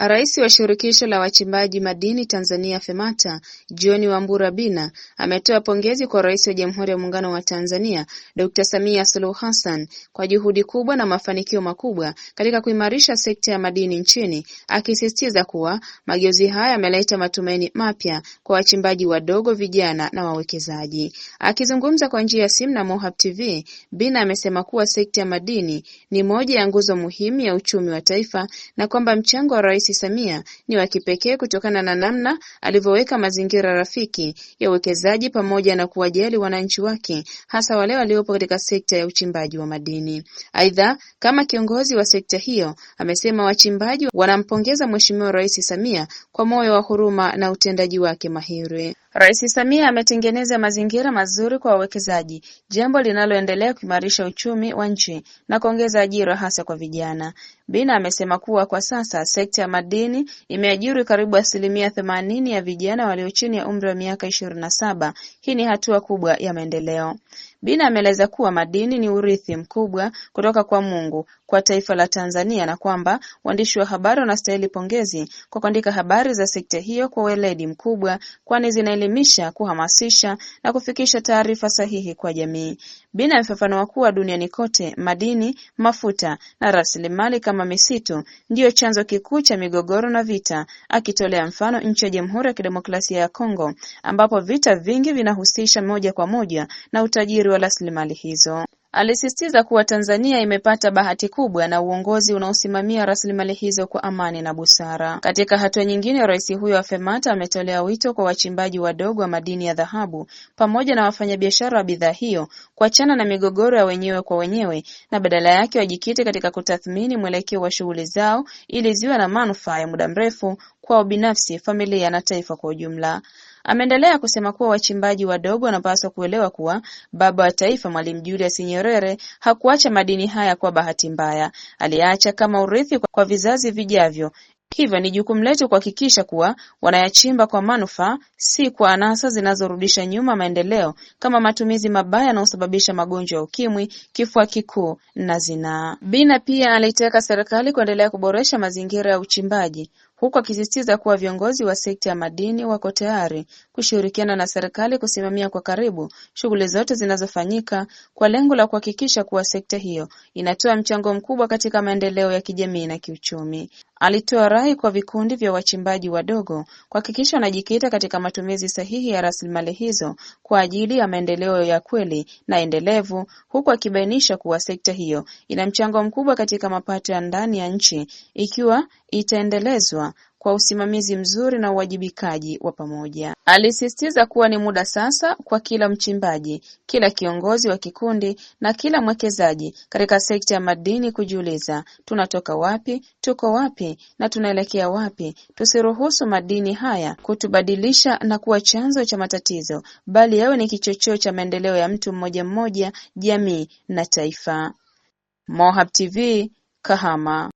Rais wa Shirikisho la Wachimbaji Madini Tanzania Femata John Wambura Bina ametoa pongezi kwa Rais wa Jamhuri ya Muungano wa Tanzania d Samia Suluhu Hassan kwa juhudi kubwa na mafanikio makubwa katika kuimarisha sekta ya madini nchini, akisisitiza kuwa mageuzi haya yameleta matumaini mapya kwa wachimbaji wadogo, vijana na wawekezaji. Akizungumza kwa njia ya simu na MOHAB TV, Bina amesema kuwa sekta ya madini ni moja ya nguzo muhimu ya uchumi wa taifa na kwamba mchango wa Rais Samia ni wa kipekee kutokana na namna alivyoweka mazingira rafiki ya uwekezaji pamoja na kuwajali wananchi wake hasa wale waliopo katika sekta ya uchimbaji wa madini. Aidha, kama kiongozi wa sekta hiyo, amesema wachimbaji wanampongeza Mheshimiwa Rais Samia kwa moyo wa huruma na utendaji wake mahiri. Rais Samia ametengeneza mazingira mazuri kwa wawekezaji, jambo linaloendelea kuimarisha uchumi wa nchi na kuongeza ajira hasa kwa vijana. Bina amesema kuwa kwa sasa sekta ya madini imeajiri karibu asilimia themanini ya vijana walio chini ya umri wa miaka ishirini na saba. Hii ni hatua kubwa ya maendeleo. Bina ameeleza kuwa madini ni urithi mkubwa kutoka kwa Mungu kwa taifa la Tanzania na kwamba waandishi wa habari wanastahili pongezi kwa kuandika habari za sekta hiyo kwa weledi mkubwa kwani zinaelimisha, kuhamasisha na kufikisha taarifa sahihi kwa jamii. Bina amefafanua kuwa duniani kote madini, mafuta na rasilimali kama kwamba misitu ndiyo chanzo kikuu cha migogoro na vita akitolea mfano nchi ya Jamhuri ya Kidemokrasia ya Kongo ambapo vita vingi vinahusisha moja kwa moja na utajiri wa rasilimali hizo. Alisisitiza kuwa Tanzania imepata bahati kubwa na uongozi unaosimamia rasilimali hizo kwa amani na busara. Katika hatua nyingine, Rais huyo wa FEMATA ametolea wito kwa wachimbaji wadogo wa madini ya dhahabu pamoja na wafanyabiashara wa bidhaa hiyo kuachana na migogoro ya wenyewe kwa wenyewe na badala yake wajikite katika kutathmini mwelekeo wa shughuli zao ili ziwe na manufaa ya muda mrefu kwao binafsi, familia na taifa kwa ujumla. Ameendelea kusema kuwa wachimbaji wadogo wanapaswa kuelewa kuwa Baba wa Taifa Mwalimu Julius Nyerere hakuacha madini haya kwa bahati mbaya, aliyeacha kama urithi kwa vizazi vijavyo. Hivyo ni jukumu letu kuhakikisha kuwa wanayachimba kwa manufaa, si kwa anasa zinazorudisha nyuma maendeleo kama matumizi mabaya yanayosababisha magonjwa ya Ukimwi, kifua kikuu na zinaa. Bina pia alitaka serikali kuendelea kuboresha mazingira ya uchimbaji huku akisisitiza kuwa viongozi wa sekta ya madini wako tayari kushirikiana na serikali kusimamia kwa karibu shughuli zote zinazofanyika kwa lengo la kuhakikisha kuwa sekta hiyo inatoa mchango mkubwa katika maendeleo ya kijamii na kiuchumi Alitoa rai kwa vikundi vya wachimbaji wadogo kuhakikisha wanajikita katika matumizi sahihi ya rasilimali hizo kwa ajili ya maendeleo ya kweli na endelevu huku akibainisha kuwa sekta hiyo ina mchango mkubwa katika mapato ya ndani ya nchi ikiwa itaendelezwa kwa usimamizi mzuri na uwajibikaji wa pamoja. Alisisitiza kuwa ni muda sasa kwa kila mchimbaji, kila kiongozi wa kikundi na kila mwekezaji katika sekta ya madini kujiuliza, tunatoka wapi, tuko wapi na tunaelekea wapi? Tusiruhusu madini haya kutubadilisha na kuwa chanzo cha matatizo, bali yawe ni kichocheo cha maendeleo ya mtu mmoja mmoja, jamii na taifa. Mohab TV, Kahama.